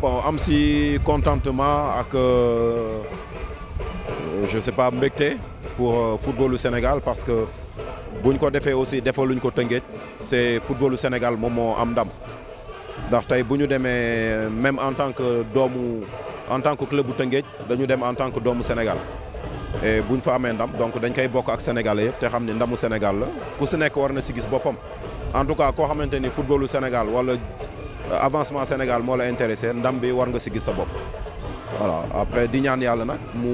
bon am si contentement ak euh, je sais pas mbégte pour euh, football du Sénégal parce que bu ñu ko defee aussi defaluñ ko Tëngéej c'est le Sénégal moom moo am ndam ndax tey bu ñu euh, même en tant que doomu en tant que club bu Tëngéej dañu dem en tant que doomu Sénégal et bu ñu fa amee ndam donc dañ koy bokk ak sénégalais yëpp te xam ni Sénégal la ku si nekk war si gis en tout cas koo xamante football du Sénégal wala euh, avancement Sénégal moo intéressé ndam bi war nga ci gis sa bopp voilà après di ñaan Yalla nak mu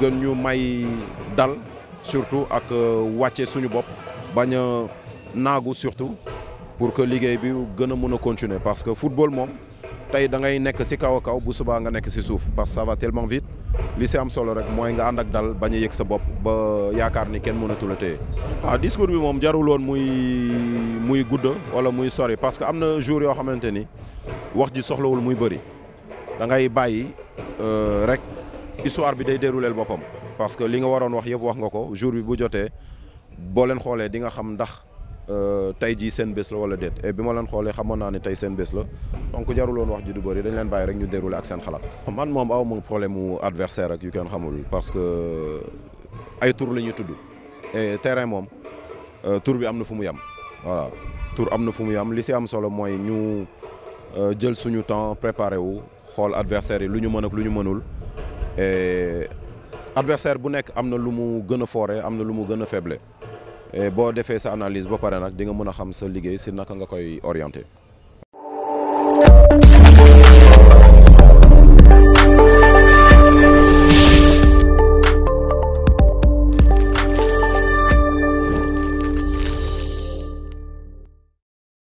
gën ñu may dal surtout ak euh, wàcce suñu bop baña nagu surtout pour que ligue bi gëna mëna continuer parce que football mom tay da ngay nekk ci kaw kaw bu suba nga nekk ci souf parce que ça va tellement vite li si am solo rek moy nga and ak dal baña yek sa bop ba yaakar ni kenn mëna a téye. waaw ah, discours bi mom jarul won muy. muy gudd wala muy sori parce que juri jour yo xamanteni wax ji soxlawul muy beuri da ngay euh rek histoire bi day dérouleel bopam parce que li nga waron wax yeb wax nga ko jour bi bu joté bo len xolé di nga xam ndax euh, tay ji sen bés la wala déet et bima len xolé xamona ni tay sen tey la donc won wax ji du beuri dañ len bayyi rek ñu dérouler ak sen xalat man mom awu problème mu adversaire ak yu kenn xamul parce que euh, ay tour la tuddu et terrain moom euh, tour bi amna fumu yam voilà tour amna na am li si am solo moy ñu euh, jël suñu temps préparer wu xol adversaire yi lu ñu ak luñu mënul et adversaire bu nek am lu mu gëna foré amna am lu mu gëna faible et bo défé sa analyse ba paré nak di nga mëna xam sa liggéey si naka nga koy orienté